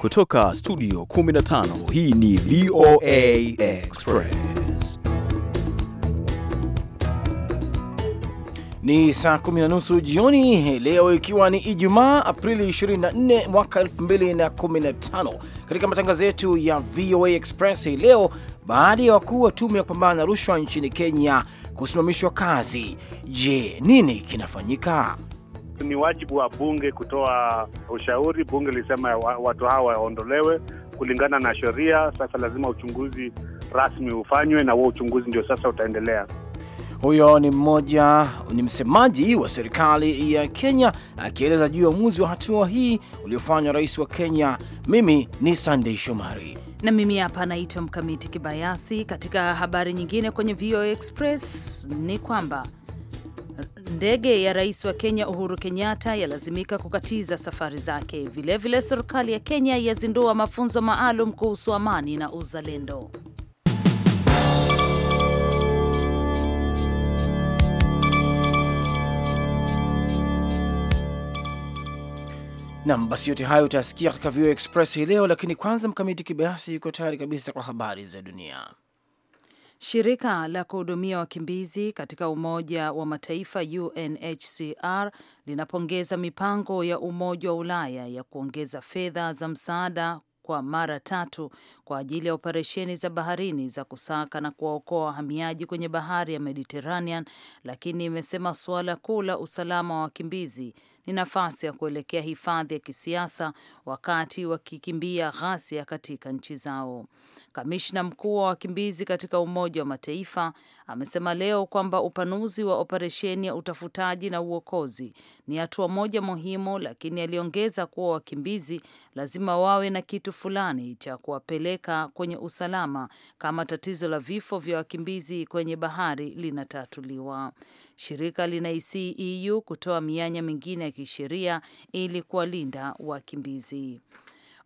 Kutoka studio 15 hii ni VOA Express. Ni saa kumi na nusu jioni leo, ikiwa ni Ijumaa Aprili 24 mwaka 2015. Katika matangazo yetu ya VOA Express hii leo, baada ya wakuu wa tume ya kupambana na rushwa nchini Kenya kusimamishwa kazi, je, nini kinafanyika? Ni wajibu wa bunge kutoa ushauri. Bunge lilisema watu hawa waondolewe kulingana na sheria. Sasa lazima uchunguzi rasmi ufanywe, na huo uchunguzi ndio sasa utaendelea. Huyo ni mmoja ni msemaji wa serikali ya Kenya akieleza juu ya uamuzi wa hatua hii uliofanywa rais wa Kenya. Mimi ni Sandei Shomari na mimi hapa naitwa Mkamiti Kibayasi. Katika habari nyingine kwenye VOA Express ni kwamba ndege ya rais wa Kenya Uhuru Kenyatta yalazimika kukatiza safari zake. Vilevile, serikali ya Kenya yazindua mafunzo maalum kuhusu amani na uzalendo. Nam, basi yote hayo utayasikia katika VOA Express hii leo, lakini kwanza Mkamiti Kibayasi yuko tayari kabisa kwa habari za dunia. Shirika la kuhudumia wakimbizi katika Umoja wa Mataifa UNHCR linapongeza mipango ya Umoja wa Ulaya ya kuongeza fedha za msaada kwa mara tatu kwa ajili ya operesheni za baharini za kusaka na kuwaokoa wahamiaji kwenye bahari ya Mediterranean, lakini imesema suala kuu la usalama wa wakimbizi ni nafasi ya kuelekea hifadhi ya kisiasa wakati wakikimbia ghasia katika nchi zao. Kamishna mkuu wa wakimbizi katika Umoja wa Mataifa amesema leo kwamba upanuzi wa operesheni ya utafutaji na uokozi ni hatua moja muhimu, lakini aliongeza kuwa wakimbizi lazima wawe na kitu fulani cha kuwapeleka kwenye usalama kama tatizo la vifo vya wakimbizi kwenye bahari linatatuliwa. Shirika linaisii EU kutoa mianya mingine ya kisheria ili kuwalinda wakimbizi.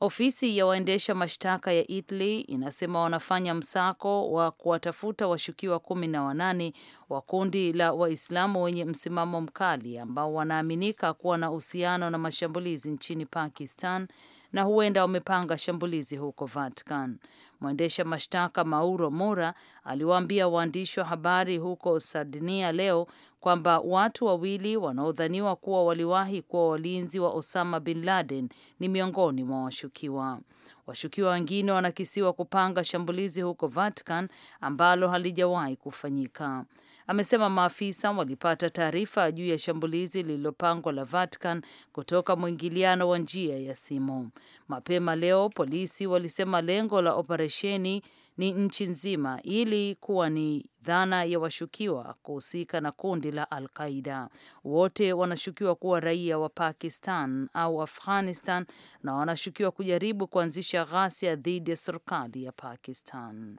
Ofisi ya waendesha mashtaka ya Italy inasema wanafanya msako wa kuwatafuta washukiwa kumi na wanane wa kundi la Waislamu wenye msimamo mkali ambao wanaaminika kuwa na uhusiano na mashambulizi nchini Pakistan na huenda wamepanga shambulizi huko Vatican. Mwendesha mashtaka Mauro Mora aliwaambia waandishi wa habari huko Sardinia leo kwamba watu wawili wanaodhaniwa kuwa waliwahi kuwa walinzi wa Osama bin Laden ni miongoni mwa washukiwa. Washukiwa wengine wanakisiwa kupanga shambulizi huko Vatican ambalo halijawahi kufanyika amesema maafisa walipata taarifa juu ya shambulizi lililopangwa la Vatican kutoka mwingiliano wa njia ya simu. Mapema leo polisi walisema lengo la operesheni ni nchi nzima ili kuwa ni dhana ya washukiwa kuhusika na kundi la Al-Qaida. Wote wanashukiwa kuwa raia wa Pakistan au Afghanistan na wanashukiwa kujaribu kuanzisha ghasia dhidi ya serikali ya Pakistan.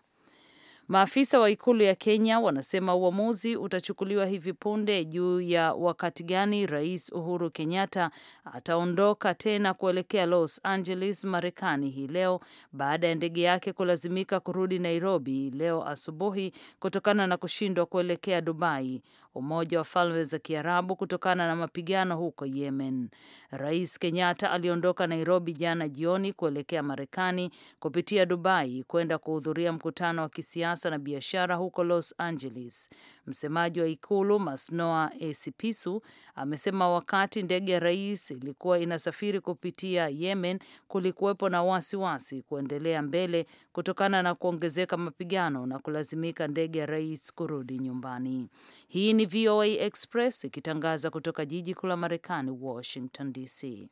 Maafisa wa ikulu ya Kenya wanasema uamuzi utachukuliwa hivi punde juu ya wakati gani Rais Uhuru Kenyatta ataondoka tena kuelekea Los Angeles, Marekani hii leo baada ya ndege yake kulazimika kurudi Nairobi leo asubuhi kutokana na kushindwa kuelekea Dubai. Umoja wa Falme za Kiarabu kutokana na mapigano huko Yemen. Rais Kenyatta aliondoka Nairobi jana jioni kuelekea Marekani kupitia Dubai kwenda kuhudhuria mkutano wa kisiasa na biashara huko Los Angeles. Msemaji wa ikulu Masnoa Esipisu amesema wakati ndege ya rais ilikuwa inasafiri kupitia Yemen, kulikuwepo na wasiwasi wasi kuendelea mbele kutokana na kuongezeka mapigano na kulazimika ndege ya rais kurudi nyumbani. Hii ni VOA Express ikitangaza kutoka jiji kuu la Marekani, Washington DC.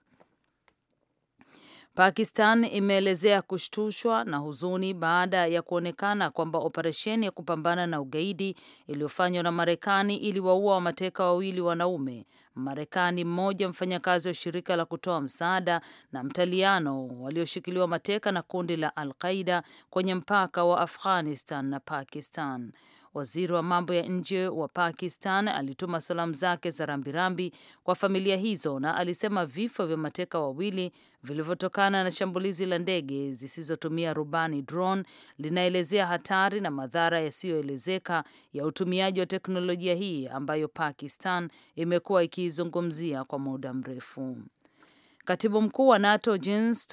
Pakistan imeelezea kushtushwa na huzuni baada ya kuonekana kwamba operesheni ya kupambana na ugaidi iliyofanywa na Marekani iliwaua wa mateka wawili wanaume Marekani mmoja, mfanyakazi wa shirika la kutoa msaada na mtaliano, walioshikiliwa mateka na kundi la Al Qaida kwenye mpaka wa Afghanistan na Pakistan. Waziri wa mambo ya nje wa Pakistan alituma salamu zake za rambirambi kwa familia hizo na alisema vifo vya mateka wawili vilivyotokana na shambulizi la ndege zisizotumia rubani drone linaelezea hatari na madhara yasiyoelezeka ya utumiaji wa teknolojia hii ambayo Pakistan imekuwa ikiizungumzia kwa muda mrefu. Katibu mkuu wa NATO Jens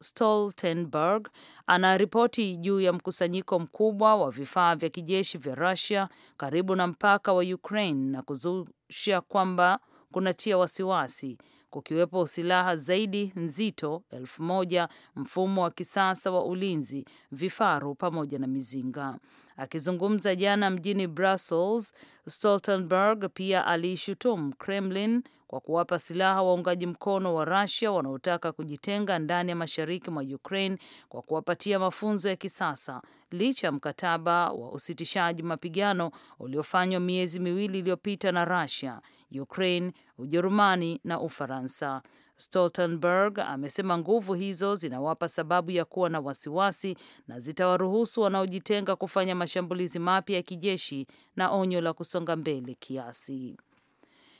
Stoltenberg anaripoti juu ya mkusanyiko mkubwa wa vifaa vya kijeshi vya Russia karibu na mpaka wa Ukraine na kuzusha kwamba kunatia wasiwasi kukiwepo silaha zaidi nzito elfu moja, mfumo wa kisasa wa ulinzi, vifaru pamoja na mizinga. Akizungumza jana mjini Brussels, Stoltenberg pia aliishutumu Kremlin kwa kuwapa silaha waungaji mkono wa Russia wanaotaka kujitenga ndani ya mashariki mwa Ukraine kwa kuwapatia mafunzo ya kisasa licha ya mkataba wa usitishaji mapigano uliofanywa miezi miwili iliyopita na Russia, Ukraine, Ujerumani na Ufaransa. Stoltenberg amesema nguvu hizo zinawapa sababu ya kuwa na wasiwasi na zitawaruhusu wanaojitenga kufanya mashambulizi mapya ya kijeshi na onyo la kusonga mbele kiasi.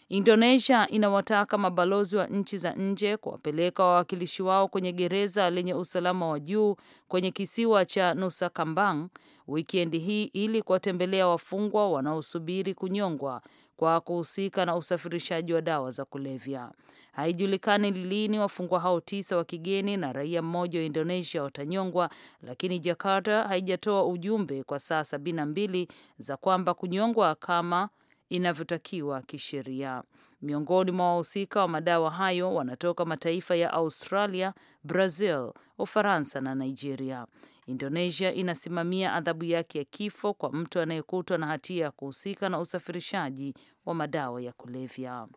Indonesia inawataka mabalozi wa nchi za nje kuwapeleka wawakilishi wao kwenye gereza lenye usalama wa juu kwenye kisiwa cha Nusa Kambang wikendi hii ili kuwatembelea wafungwa wanaosubiri kunyongwa kwa kuhusika na usafirishaji wa dawa za kulevya. Haijulikani lini wafungwa hao tisa wa kigeni na raia mmoja wa Indonesia watanyongwa, lakini Jakarta haijatoa ujumbe kwa saa sabini na mbili za kwamba kunyongwa kama inavyotakiwa kisheria. Miongoni mwa wahusika wa madawa hayo wanatoka mataifa ya Australia, Brazil, Ufaransa na Nigeria. Indonesia inasimamia adhabu yake ya kifo kwa mtu anayekutwa na hatia ya kuhusika na usafirishaji wa madawa ya kulevya.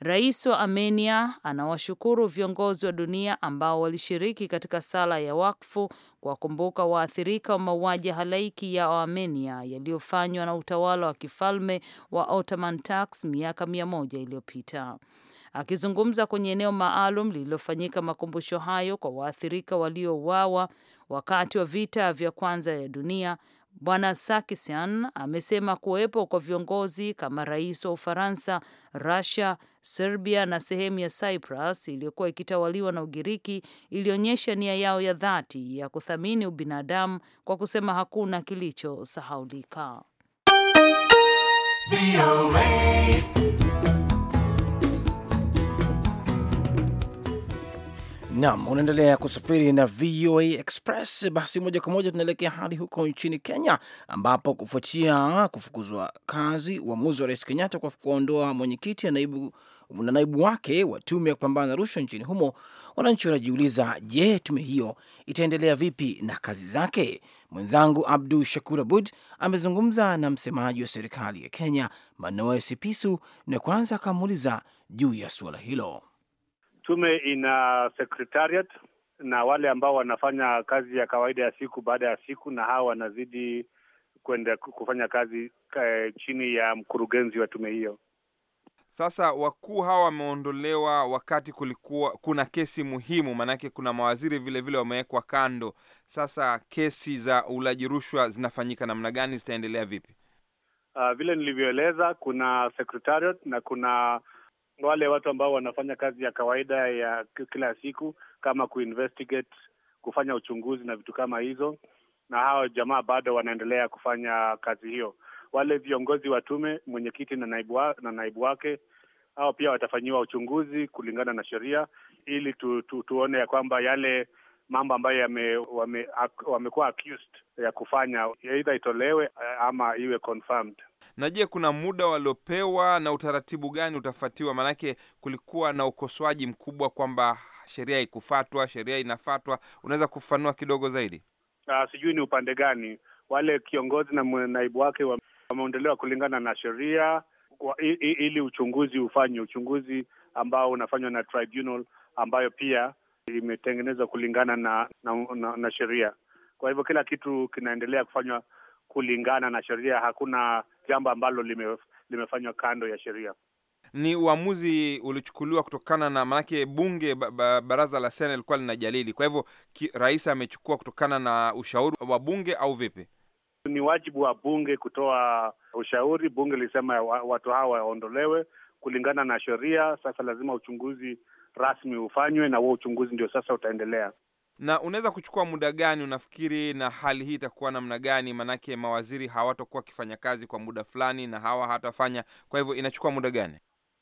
Rais wa Armenia anawashukuru viongozi wa dunia ambao walishiriki katika sala ya wakfu kuwakumbuka waathirika wa mauaji halaiki ya Armenia yaliyofanywa na utawala wa kifalme wa Ottoman Turks miaka mia moja iliyopita. Akizungumza kwenye eneo maalum lililofanyika makumbusho hayo kwa waathirika waliouawa wakati wa vita vya kwanza ya dunia, Bwana Sakisian amesema kuwepo kwa viongozi kama rais wa Ufaransa, Rusia, Serbia na sehemu ya Cyprus iliyokuwa ikitawaliwa na Ugiriki ilionyesha nia yao ya dhati ya kuthamini ubinadamu kwa kusema hakuna kilichosahaulika. nam unaendelea kusafiri na VOA Express. Basi moja kwa moja tunaelekea hadi huko nchini Kenya, ambapo kufuatia kufukuzwa kazi, uamuzi wa Rais Kenyatta kwa kuondoa mwenyekiti na naibu, na naibu wake wa tume ya kupambana na rushwa nchini humo, wananchi wanajiuliza, je, tume hiyo itaendelea vipi na kazi zake? Mwenzangu Abdu Shakur Abud amezungumza na msemaji wa serikali ya Kenya, Manoe Sipisu, na kwanza akamuuliza juu ya suala hilo. Tume ina secretariat na wale ambao wanafanya kazi ya kawaida ya siku baada ya siku, na hawa wanazidi kwenda kufanya kazi eh, chini ya mkurugenzi wa tume hiyo. Sasa wakuu hawa wameondolewa wakati kulikuwa kuna kesi muhimu, maanake kuna mawaziri vilevile wamewekwa kando. Sasa kesi za ulaji rushwa zinafanyika namna gani? Zitaendelea vipi? Uh, vile nilivyoeleza, kuna secretariat na kuna wale watu ambao wanafanya kazi ya kawaida ya kila siku kama kuinvestigate, kufanya uchunguzi na vitu kama hizo, na hawa jamaa bado wanaendelea kufanya kazi hiyo. Wale viongozi wa tume, mwenyekiti na naibu, na naibu wake hao pia watafanyiwa uchunguzi kulingana na sheria ili tu, tu, tuone ya kwamba yale mambo ambayo wamekuwa wame, wamekuwa accused ya kufanya eidha itolewe eh, ama iwe confirmed. Na je, kuna muda waliopewa na utaratibu gani utafuatiwa? Maanake kulikuwa na ukosoaji mkubwa kwamba sheria ikufatwa sheria inafatwa Unaweza kufanua kidogo zaidi? Uh, sijui ni upande gani wale kiongozi na naibu wake wameondolewa kulingana na sheria ili uchunguzi ufanywe, uchunguzi ambao unafanywa na tribunal ambayo pia imetengenezwa kulingana na na, na, na sheria. Kwa hivyo kila kitu kinaendelea kufanywa kulingana na sheria. Hakuna jambo ambalo lime, limefanywa kando ya sheria. Ni uamuzi uliochukuliwa kutokana na maanake bunge ba, ba, baraza la Sena lilikuwa linajadili. Kwa hivyo rais amechukua kutokana na ushauri wa bunge au vipi? Ni wajibu wa bunge kutoa ushauri. Bunge lilisema watu hawa waondolewe kulingana na sheria. Sasa lazima uchunguzi rasmi ufanywe, na huo uchunguzi ndio sasa utaendelea. Na unaweza kuchukua muda gani unafikiri, na hali hii itakuwa namna gani? Maanake mawaziri hawatakuwa wakifanya kazi kwa muda fulani, na hawa hatafanya. Kwa hivyo inachukua muda gani?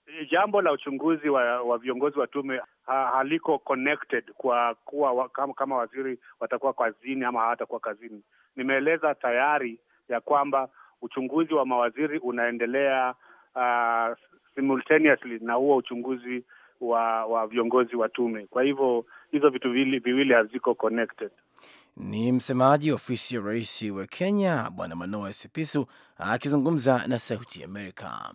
E, jambo la uchunguzi wa, wa viongozi wa tume ha, haliko connected kwa kuwa wa, kama, kama waziri watakuwa kazini ama hawatakuwa kazini. Nimeeleza tayari ya kwamba uchunguzi wa mawaziri unaendelea uh, simultaneously na huo uchunguzi wa wa viongozi wa tume. Kwa hivyo hizo vitu viwili haziko connected. Ni msemaji ofisi ya rais wa Kenya Bwana Manoa sipisu akizungumza na Sauti ya Amerika.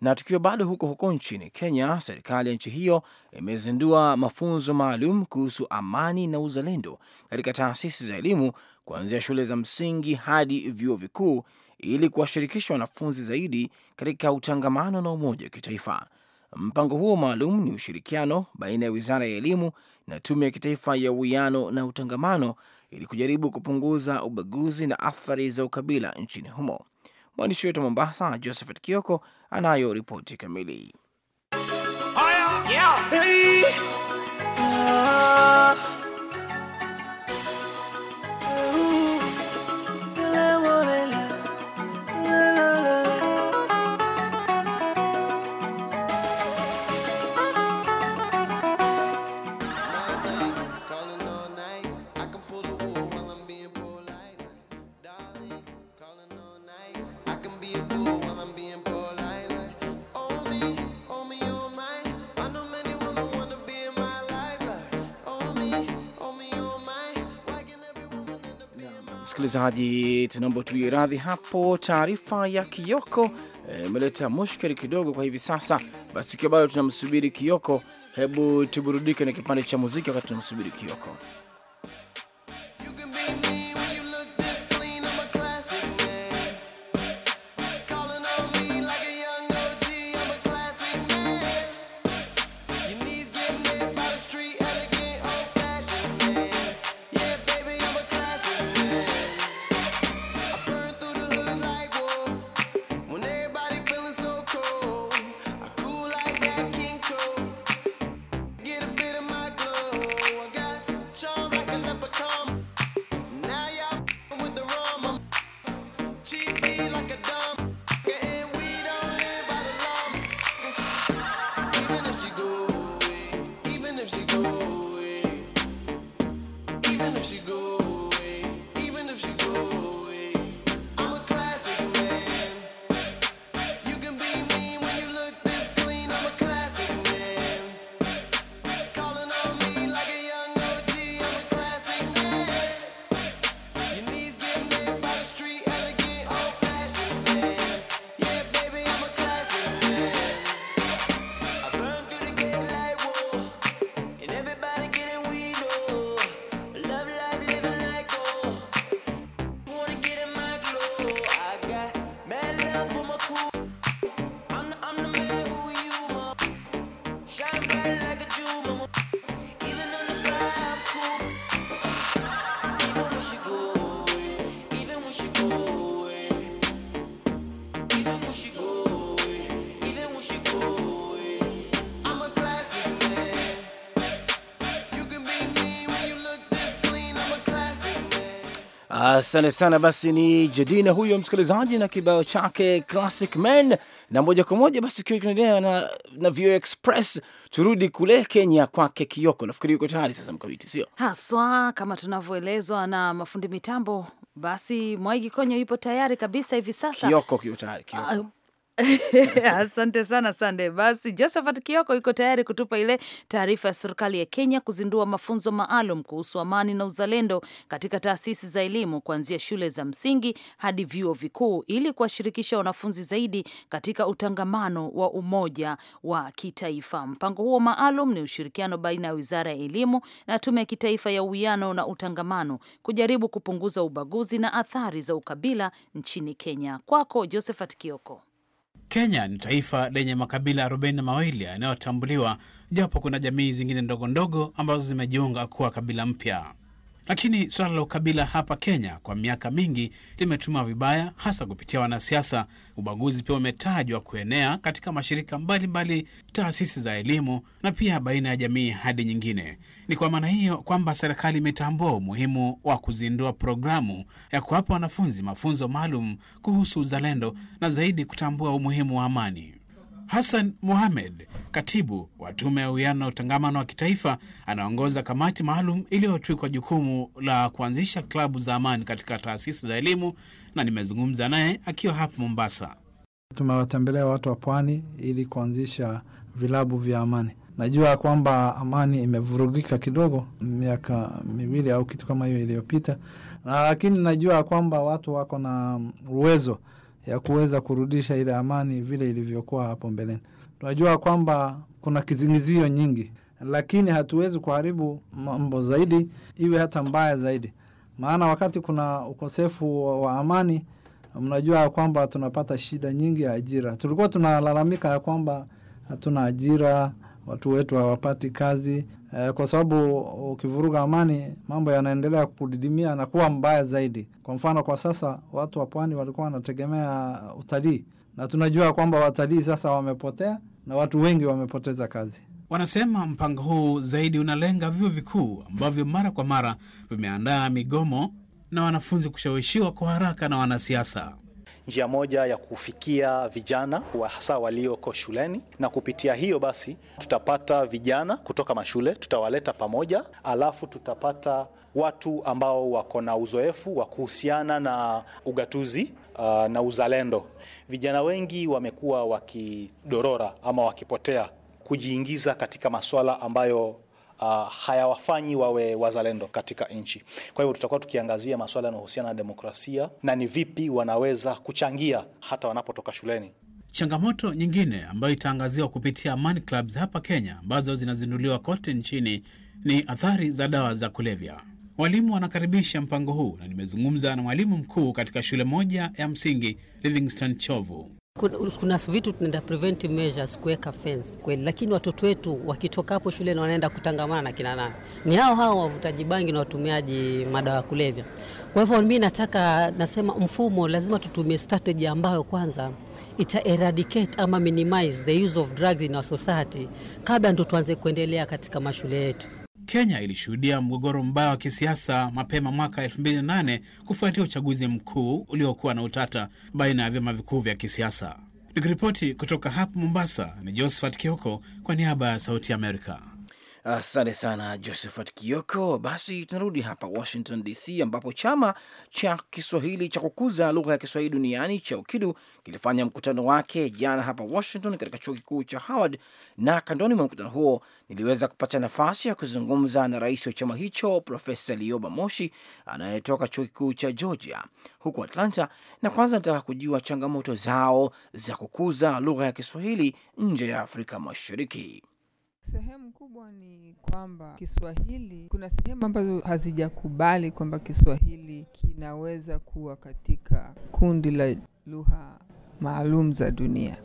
Na tukiwa bado huko huko nchini Kenya, serikali ya nchi hiyo imezindua mafunzo maalum kuhusu amani na uzalendo katika taasisi za elimu kuanzia shule za msingi hadi vyuo vikuu ili kuwashirikisha wanafunzi zaidi katika utangamano na umoja wa kitaifa. Mpango huo maalum ni ushirikiano baina ya wizara ya elimu na tume ya kitaifa ya uwiano na utangamano ili kujaribu kupunguza ubaguzi na athari za ukabila nchini humo. Mwandishi wetu wa Mombasa, Josephat Kioko, anayo ripoti kamili. yeah. Hey. msikilizaji, tunaomba tuwie radhi hapo. Taarifa ya Kioko eh, imeleta e, mushkeli kidogo kwa hivi sasa. Basi ikiwa bado tunamsubiri Kioko, hebu tuburudike na kipande cha muziki wakati tunamsubiri Kioko. Asante sana. Basi ni Jadina huyo msikilizaji na kibao chake Classic Man, na moja kwa moja basi kiwa kinaendelea na, na Vio Express. Turudi kule Kenya kwake Kioko. Nafikiri uko tayari sasa, Mkabiti, sio haswa kama tunavyoelezwa na mafundi mitambo. Basi Mwaigi Konyo yupo tayari kabisa hivi sasa. Kioko kiyo tayari, Kioko. Uh, Asante sana Sande. Basi Josephat Kioko iko tayari kutupa ile taarifa ya serikali ya Kenya kuzindua mafunzo maalum kuhusu amani na uzalendo katika taasisi za elimu kuanzia shule za msingi hadi vyuo vikuu ili kuwashirikisha wanafunzi zaidi katika utangamano wa umoja wa kitaifa. Mpango huo maalum ni ushirikiano baina ya Wizara ya Elimu na Tume ya Kitaifa ya Uwiano na Utangamano kujaribu kupunguza ubaguzi na athari za ukabila nchini Kenya. Kwako Josephat Kioko. Kenya ni taifa lenye makabila arobaini mawili yanayotambuliwa, japo kuna jamii zingine ndogo ndogo ambazo zimejiunga kuwa kabila mpya. Lakini suala la ukabila hapa Kenya kwa miaka mingi limetuma vibaya, hasa kupitia wanasiasa. Ubaguzi pia umetajwa kuenea katika mashirika mbalimbali mbali, taasisi za elimu na pia baina ya jamii hadi nyingine. Ni kwa maana hiyo kwamba serikali imetambua umuhimu wa kuzindua programu ya kuwapa wanafunzi mafunzo maalum kuhusu uzalendo na zaidi kutambua umuhimu wa amani. Hassan Mohamed, katibu wa Tume ya Uwiano na Utangamano wa Kitaifa, anaongoza kamati maalum iliyotwikwa jukumu la kuanzisha klabu za amani katika taasisi za elimu, na nimezungumza naye akiwa hapa Mombasa. Tumewatembelea watu wa pwani ili kuanzisha vilabu vya amani. Najua kwamba amani imevurugika kidogo miaka miwili au kitu kama hiyo iliyopita, lakini najua kwamba watu wako na uwezo ya kuweza kurudisha ile amani vile ilivyokuwa hapo mbeleni. Tunajua kwamba kuna kizingizio nyingi, lakini hatuwezi kuharibu mambo zaidi iwe hata mbaya zaidi, maana wakati kuna ukosefu wa amani, mnajua kwamba tunapata shida nyingi ya ajira. Tulikuwa tunalalamika ya kwamba hatuna ajira, watu wetu hawapati kazi, eh, kwa sababu ukivuruga amani mambo yanaendelea kudidimia na kuwa mbaya zaidi. Kwa mfano, kwa sasa watu wa pwani walikuwa wanategemea utalii na tunajua kwamba watalii sasa wamepotea na watu wengi wamepoteza kazi. Wanasema mpango huu zaidi unalenga vyuo vikuu ambavyo mara kwa mara vimeandaa migomo na wanafunzi kushawishiwa kwa haraka na wanasiasa njia moja ya kufikia vijana wa hasa walioko shuleni, na kupitia hiyo basi tutapata vijana kutoka mashule, tutawaleta pamoja, alafu tutapata watu ambao wako na uzoefu wa kuhusiana na ugatuzi uh, na uzalendo. Vijana wengi wamekuwa wakidorora ama wakipotea kujiingiza katika masuala ambayo uh, hayawafanyi wawe wazalendo katika nchi. Kwa hivyo tutakuwa tukiangazia masuala yanayohusiana na demokrasia na ni vipi wanaweza kuchangia hata wanapotoka shuleni. Changamoto nyingine ambayo itaangaziwa kupitia Clubs hapa Kenya ambazo zinazinduliwa kote nchini ni athari za dawa za kulevya. Walimu wanakaribisha mpango huu na nimezungumza na mwalimu mkuu katika shule moja ya msingi Livingston Chovu kuna, kuna vitu tunaenda preventive measures kuweka fence kweli, lakini watoto wetu wakitoka hapo shule na wanaenda kutangamana na kina nani? Ni hao hao wavutaji bangi na watumiaji madawa ya kulevya. Kwa hivyo mi nataka nasema, mfumo lazima tutumie strategy ambayo kwanza ita eradicate ama minimize the use of drugs in our society kabla ndo tuanze kuendelea katika mashule yetu. Kenya ilishuhudia mgogoro mbaya wa kisiasa mapema mwaka 2008 kufuatia uchaguzi mkuu uliokuwa na utata baina ya vyama vikuu vya kisiasa. Nikiripoti kutoka hapa Mombasa ni Josephat Kioko kwa niaba ya Sauti Amerika. Asante sana Josephat Kioko. Basi tunarudi hapa Washington DC, ambapo chama cha Kiswahili cha kukuza lugha ya Kiswahili duniani cha UKIDU kilifanya mkutano wake jana hapa Washington katika chuo kikuu cha Howard, na kandoni mwa mkutano huo niliweza kupata nafasi ya kuzungumza na rais wa chama hicho Profesa Lioba Moshi anayetoka chuo kikuu cha Georgia huko Atlanta, na kwanza nataka kujua changamoto zao za kukuza lugha ya Kiswahili nje ya Afrika Mashariki. Sehemu kubwa ni kwamba Kiswahili, kuna sehemu ambazo hazijakubali kwamba Kiswahili kinaweza kuwa katika kundi la lugha maalum za dunia.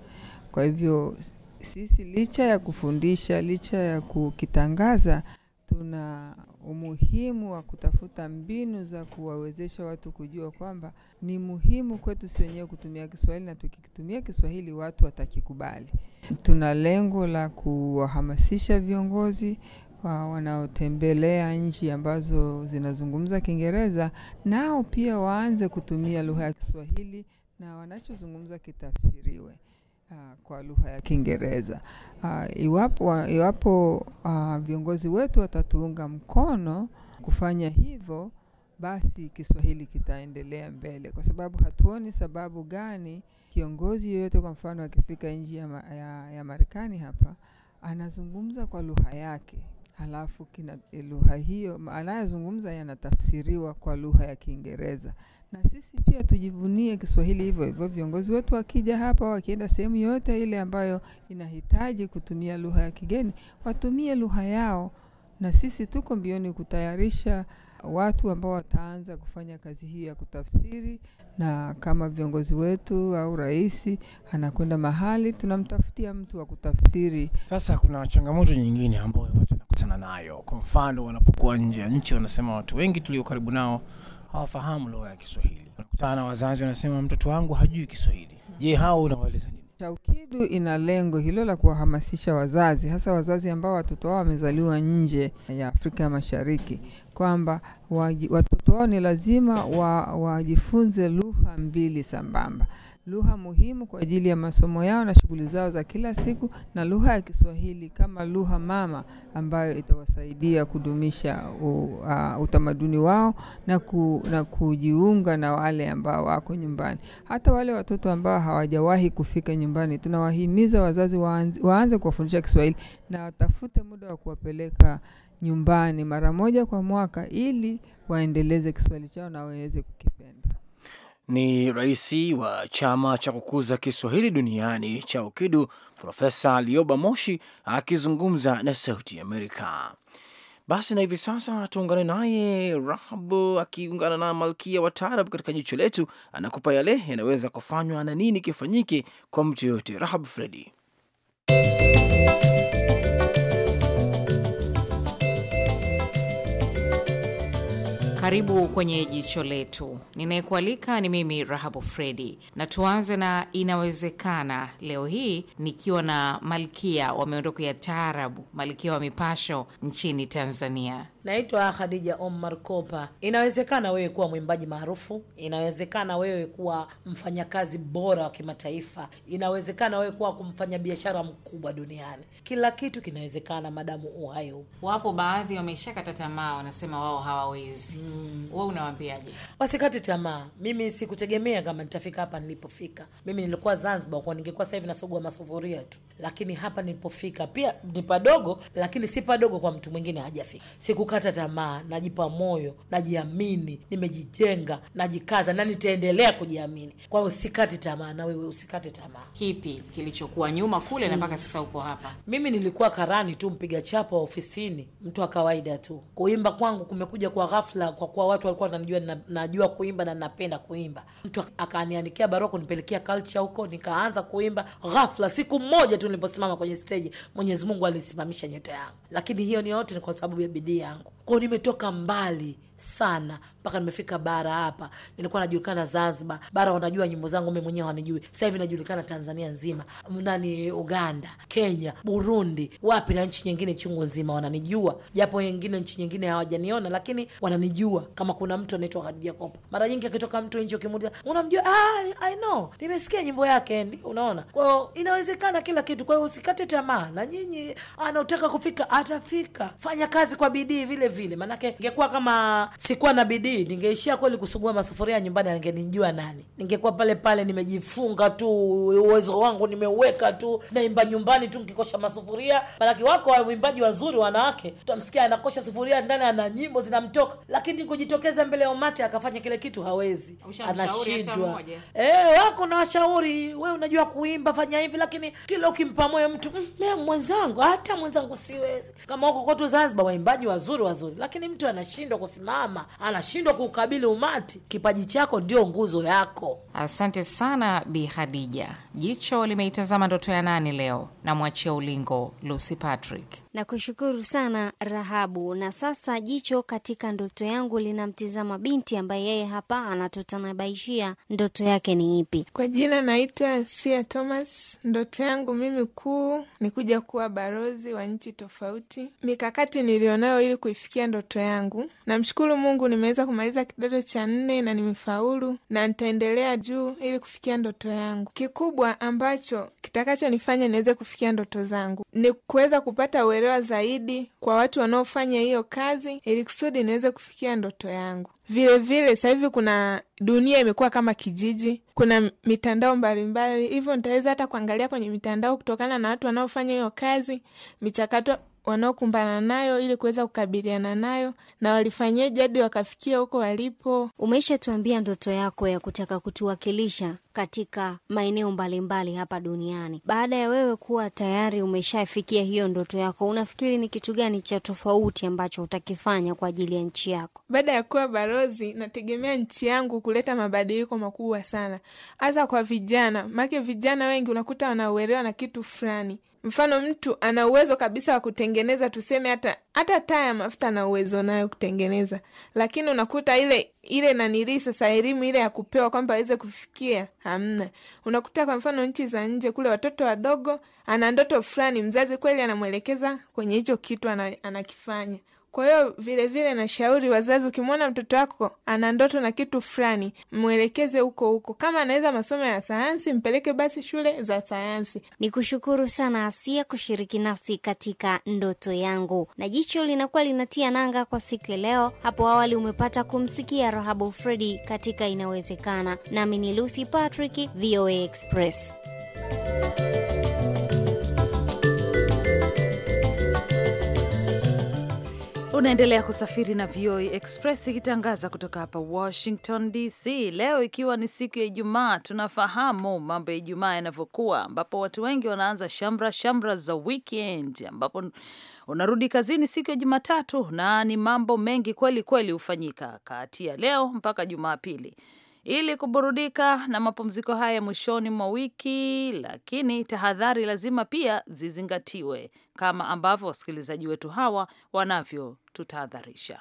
Kwa hivyo sisi licha ya kufundisha, licha ya kukitangaza tuna umuhimu wa kutafuta mbinu za kuwawezesha watu kujua kwamba ni muhimu kwetu si wenyewe kutumia Kiswahili, na tukikitumia Kiswahili watu watakikubali. Tuna lengo la kuwahamasisha viongozi wanaotembelea nchi ambazo zinazungumza Kiingereza nao pia waanze kutumia lugha ya Kiswahili na wanachozungumza kitafsiriwe uh, kwa lugha ya Kiingereza. Uh, iwapo, iwapo uh, viongozi wetu watatuunga mkono kufanya hivyo, basi Kiswahili kitaendelea mbele, kwa sababu hatuoni sababu gani kiongozi yoyote, kwa mfano, akifika nchi ya, ma, ya, ya Marekani hapa anazungumza kwa lugha yake halafu lugha hiyo anayozungumza yanatafsiriwa kwa lugha ya Kiingereza na sisi pia tujivunie Kiswahili hivyo hivyo. Viongozi wetu wakija hapa, wakienda sehemu yoyote ile ambayo inahitaji kutumia lugha ya kigeni, watumie lugha yao, na sisi tuko mbioni kutayarisha watu ambao wataanza kufanya kazi hii ya kutafsiri, na kama viongozi wetu au rais anakwenda mahali, tunamtafutia mtu wa kutafsiri. Sasa kuna changamoto nyingine ambayo watu wanakutana nayo, kwa mfano wanapokuwa nje ya nchi, wanasema watu wengi tulio karibu nao hawafahamu lugha ya Kiswahili. Unakutana na wazazi wanasema, mtoto wangu hajui Kiswahili. Je, hao unawaeleza nini? Chaukidu ina lengo hilo la kuwahamasisha wazazi, hasa wazazi ambao watoto wao wamezaliwa nje ya Afrika ya Mashariki, kwamba watoto wao ni lazima wajifunze wa lugha mbili sambamba lugha muhimu kwa ajili ya masomo yao na shughuli zao za kila siku, na lugha ya Kiswahili kama lugha mama ambayo itawasaidia kudumisha uh, utamaduni wao na, ku, na kujiunga na wale ambao wako nyumbani, hata wale watoto ambao hawajawahi kufika nyumbani. Tunawahimiza wazazi waanze, waanze kuwafundisha Kiswahili na watafute muda wa kuwapeleka nyumbani mara moja kwa mwaka ili waendeleze Kiswahili chao na waweze kukipenda ni rais wa chama cha kukuza Kiswahili duniani cha UKIDU, Profesa Lioba Moshi akizungumza na Sauti Amerika. Basi na hivi sasa tuungane naye Rahabu akiungana na Malkia wa Taarab katika jicho letu, anakupa yale yanaweza kufanywa na nini kifanyike kwa mtu yoyote. Rahab Fredi Karibu kwenye jicho letu. Ninayekualika ni mimi Rahabu Fredi, na tuanze na inawezekana. Leo hii nikiwa na malkia wa miondoko ya taarabu, malkia wa mipasho nchini Tanzania, Naitwa Khadija Omar Kopa. Inawezekana wewe kuwa mwimbaji maarufu, inawezekana wewe kuwa mfanyakazi bora wa kimataifa, inawezekana wewe kuwa kumfanya biashara mkubwa duniani. Kila kitu kinawezekana madamu uhai upo. Wapo baadhi wameshakata tamaa, wanasema wao hawawezi. Mm. Wewe unawaambiaje? Wasikate tamaa. Mimi sikutegemea kama nitafika hapa nilipofika. Mimi nilikuwa Zanzibar, kwa ningekuwa sasa hivi nasugua masufuria tu, lakini hapa nilipofika pia ni padogo, lakini si padogo kwa mtu mwingine hajafika. Siku kukata tamaa, najipa moyo, najiamini, nimejijenga, najikaza na nitaendelea kujiamini. Kwa hiyo usikate tamaa, na wewe usikate tamaa. Kipi kilichokuwa nyuma kule mm, na mpaka sasa uko hapa? Mimi nilikuwa karani tu, mpiga chapa ofisini, mtu wa kawaida tu. Kuimba kwangu kumekuja kwa ghafla, kwa kuwa watu walikuwa wananijua na, najua kuimba na napenda kuimba. Mtu akaniandikia barua kunipelekea culture huko, nikaanza kuimba ghafla. Siku moja tu niliposimama kwenye stage, Mwenyezi Mungu alisimamisha nyota yangu, lakini hiyo ni yote ni kwa sababu ya bidii yangu. 않고 kwao. Nimetoka mbali sana mpaka nimefika bara hapa. Nilikuwa najulikana Zanzibar, bara wanajua nyimbo zangu, mimi mwenyewe wanijui. Sasa hivi najulikana Tanzania nzima, nani, Uganda, Kenya, Burundi, wapi na nchi nyingine chungu nzima wananijua, japo wengine nchi nyingine hawajaniona, lakini wananijua. Kama kuna mtu anaitwa Khadija Kopa, mara nyingi akitoka mtu nje, ukimuuliza unamjua, ah, I know, nimesikia nyimbo yake. Unaona, kwao inawezekana kila kitu. Kwa hiyo usikate tamaa, na nyinyi anaotaka kufika atafika. Fanya kazi kwa bidii vile vile, maanake ingekuwa kama sikuwa na bidii, ningeishia kweli kusugua masufuria nyumbani, angenijua nani? Ningekuwa pale pale nimejifunga tu, uwezo wangu nimeweka tu, naimba nyumbani tu nkikosha masufuria. manake wako wimbaji wazuri wanawake, tamsikia anakosha sufuria ndani, ana nyimbo zinamtoka, lakini kujitokeza mbele ya umati akafanya kile kitu hawezi, anashindwa. e, wako na washauri, we unajua kuimba, fanya hivi, lakini kila ukimpa moyo mtu, mm, mwenzangu, hata mwenzangu siwezi. Kama huko kotu Zanzibar waimbaji wazuri wazuri nzuri, lakini mtu anashindwa kusimama, anashindwa kuukabili umati. Kipaji chako ndio nguzo yako. Asante sana Bi Hadija. Jicho limeitazama ndoto ya nani leo, na mwachia ulingo Lucy Patrick. Nakushukuru sana Rahabu. Na sasa jicho katika ndoto yangu linamtizama binti ambaye yeye hapa anatotanabaishia ndoto yake ni ipi. Kwa jina naitwa Sia Thomas. Ndoto yangu mimi kuu ni kuja kuwa barozi wa nchi tofauti. Mikakati niliyonayo ili kuifikia ndoto yangu, namshukuru Mungu nimeweza kumaliza kidato cha nne na nimefaulu, na nitaendelea juu ili kufikia ndoto yangu kikubwa kikubwa ambacho kitakachonifanya niweze kufikia ndoto zangu ni kuweza kupata uelewa zaidi kwa watu wanaofanya hiyo kazi, ili kusudi niweze kufikia ndoto yangu. Vilevile sasa hivi kuna dunia imekuwa kama kijiji, kuna mitandao mbalimbali, hivyo nitaweza hata kuangalia kwenye mitandao kutokana na watu wanaofanya hiyo kazi, michakato wanaokumbana nayo ili kuweza kukabiliana nayo na walifanyeje hadi wakafikia huko walipo. Umeisha tuambia ndoto yako ya kutaka kutuwakilisha katika maeneo mbalimbali hapa duniani. Baada ya wewe kuwa tayari umeshafikia hiyo ndoto yako, unafikiri ni kitu gani cha tofauti ambacho utakifanya kwa ajili ya nchi yako? Baada ya kuwa balozi, nategemea nchi yangu kuleta mabadiliko makubwa sana, hasa kwa vijana, Make vijana wengi unakuta wanauelewa na kitu fulani Mfano, mtu ana uwezo kabisa wa kutengeneza tuseme hata hata taa ya mafuta ana uwezo nayo kutengeneza, lakini unakuta ile ile nanilii sasa elimu ile ya kupewa kwamba aweze kufikia hamna. Unakuta kwa mfano nchi za nje kule, watoto wadogo ana ndoto fulani, mzazi kweli anamwelekeza kwenye hicho kitu anakifanya ana kwa hiyo vilevile nashauri wazazi, ukimwona mtoto wako ana ndoto na kitu fulani, mwelekeze huko huko. Kama anaweza masomo ya sayansi, mpeleke basi shule za sayansi. Ni kushukuru sana Asia kushiriki nasi katika ndoto yangu, na jicho linakuwa linatia nanga kwa siku ya leo. Hapo awali umepata kumsikia Rahabu Fredi katika Inawezekana, nami ni Lucy Patrick, VOA Express. Unaendelea kusafiri na VOA Express ikitangaza kutoka hapa Washington DC, leo ikiwa ni siku ya Ijumaa. Tunafahamu mambo ya Ijumaa yanavyokuwa, ambapo watu wengi wanaanza shamra shamra za weekend, ambapo unarudi kazini siku ya Jumatatu na ni mambo mengi kweli kweli hufanyika kati ya leo mpaka Jumapili ili kuburudika na mapumziko haya mwishoni mwa wiki, lakini tahadhari lazima pia zizingatiwe, kama ambavyo wasikilizaji wetu hawa wanavyo tutahadharisha.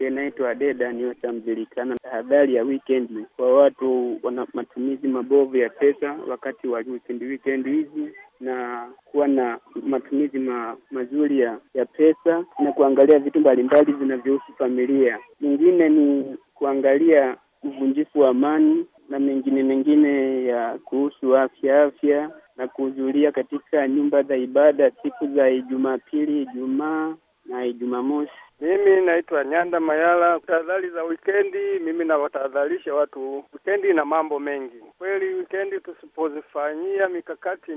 Inaitwa Deda Niyotamjulikana. tahadhari ya wikendi kwa watu wana matumizi mabovu ya pesa wakati wa wikendi, wikendi hizi na kuwa na matumizi ma, mazuri ya, ya pesa na kuangalia vitu mbalimbali vinavyohusu familia. Mingine ni kuangalia uvunjifu wa amani na mengine mengine ya kuhusu afya afya na kuhudhuria katika nyumba za ibada siku za Jumapili, Ijumaa na Jumamosi. Mimi naitwa Nyanda Mayala. Tahadhari za wikendi, mimi nawatahadharisha watu, wikendi ina mambo mengi kweli. Wikendi tusipozifanyia mikakati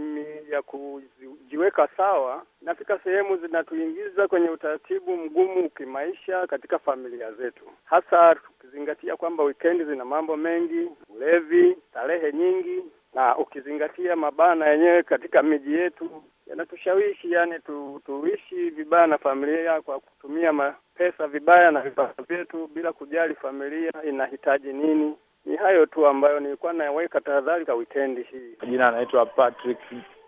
ya kujiweka sawa, nafika sehemu zinatuingiza kwenye utaratibu mgumu kimaisha katika familia zetu, hasa tukizingatia kwamba wikendi zina mambo mengi, ulevi, starehe nyingi na ukizingatia mabana yenyewe katika miji yetu yanatushawishi yani tu, tuishi vibaya na familia kwa kutumia pesa vibaya na vipato vyetu bila kujali familia inahitaji nini. Ni hayo tu ambayo nilikuwa naweka tahadhari kwa wikendi hii. Jina anaitwa Patrick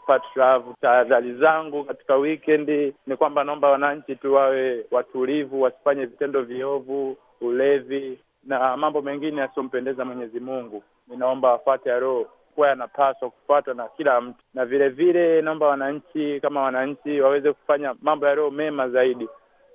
Patravu. Tahadhari zangu katika wikendi ni kwamba naomba wananchi tu wawe watulivu, wasifanye vitendo viovu, ulevi na mambo mengine yasiyompendeza Mwenyezi Mungu. Ninaomba afate roho yaliyokuwa yanapaswa kufuatwa na kila mtu, na vilevile naomba wananchi kama wananchi waweze kufanya mambo yaliyo mema zaidi,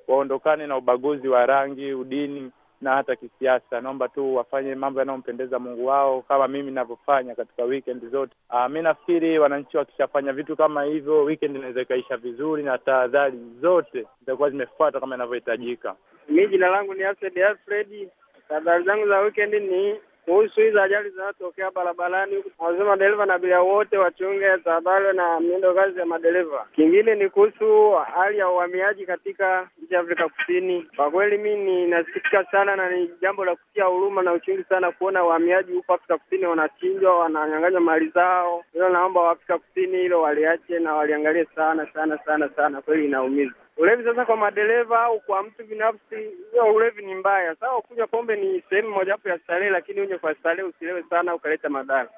waondokane na ubaguzi wa rangi, udini na hata kisiasa. Naomba tu wafanye mambo yanayompendeza Mungu wao kama mimi ninavyofanya katika weekend zote. Ah, mi nafikiri wananchi wakishafanya vitu kama hivyo, weekend inaweza ikaisha vizuri na tahadhari zote zitakuwa zimefuata kama inavyohitajika. Mi jina langu ni Alfred Alfred. Tahadhari zangu za weekend ni kuhusu hizo ajali zinazotokea barabarani huku, madereva na abiria wote wachunge tahadhari na miendo kazi ya madereva. Kingine ni kuhusu hali ya uhamiaji katika nchi ya Afrika Kusini. Kwa kweli mi ninasikitika sana na ni jambo la kutia huruma na uchungu sana kuona uhamiaji huko Afrika Kusini wanachinjwa, wananyang'anywa mali zao. Hilo naomba Waafrika Kusini hilo waliache na waliangalie sana sana sana sana, kweli inaumiza. Ulevi sasa kwa madereva au kwa mtu binafsi, hiyo ulevi ni mbaya. Sawa, kunywa pombe ni sehemu mojawapo ya starehe, lakini unywe kwa starehe, usilewe sana ukaleta madhara.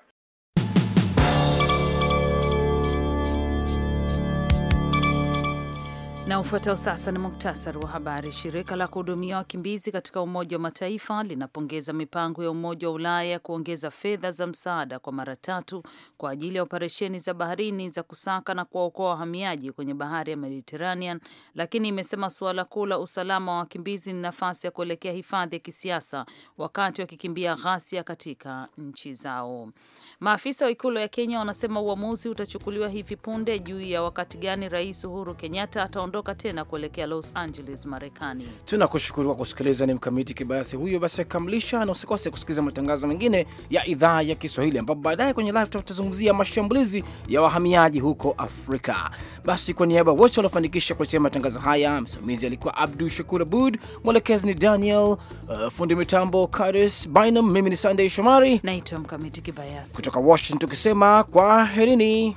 Na ufuatao sasa ni muktasari wa habari. Shirika la kuhudumia wakimbizi katika Umoja wa Mataifa linapongeza mipango ya Umoja wa Ulaya ya kuongeza fedha za msaada kwa mara tatu kwa ajili ya operesheni za baharini za kusaka na kuwaokoa wahamiaji kwenye bahari ya Mediterranean, lakini imesema suala kuu la usalama wa wakimbizi ni nafasi ya kuelekea hifadhi ya kisiasa wakati wakikimbia ghasia katika nchi zao. Maafisa wa Ikulu ya Kenya wanasema uamuzi utachukuliwa hivi punde juu ya wakati gani Rais Uhuru Kenyatta ataondoka kuondoka tena kuelekea Los Angeles, Marekani. Tunakushukuru kwa kusikiliza. Ni Mkamiti Kibayasi huyo basi akikamilisha, na usikose kusikiliza matangazo mengine ya idhaa ya Kiswahili, ambapo baadaye kwenye live tutazungumzia mashambulizi ya wahamiaji huko Afrika. Basi kwa niaba wote waliofanikisha kuletea matangazo haya, msimamizi alikuwa Abdu Shakur Abud, mwelekezi ni Daniel uh, fundi mitambo Karis Bynum, mimi ni Sunday Shomari naitwa Mkamiti Kibayasi kutoka Washington tukisema herini.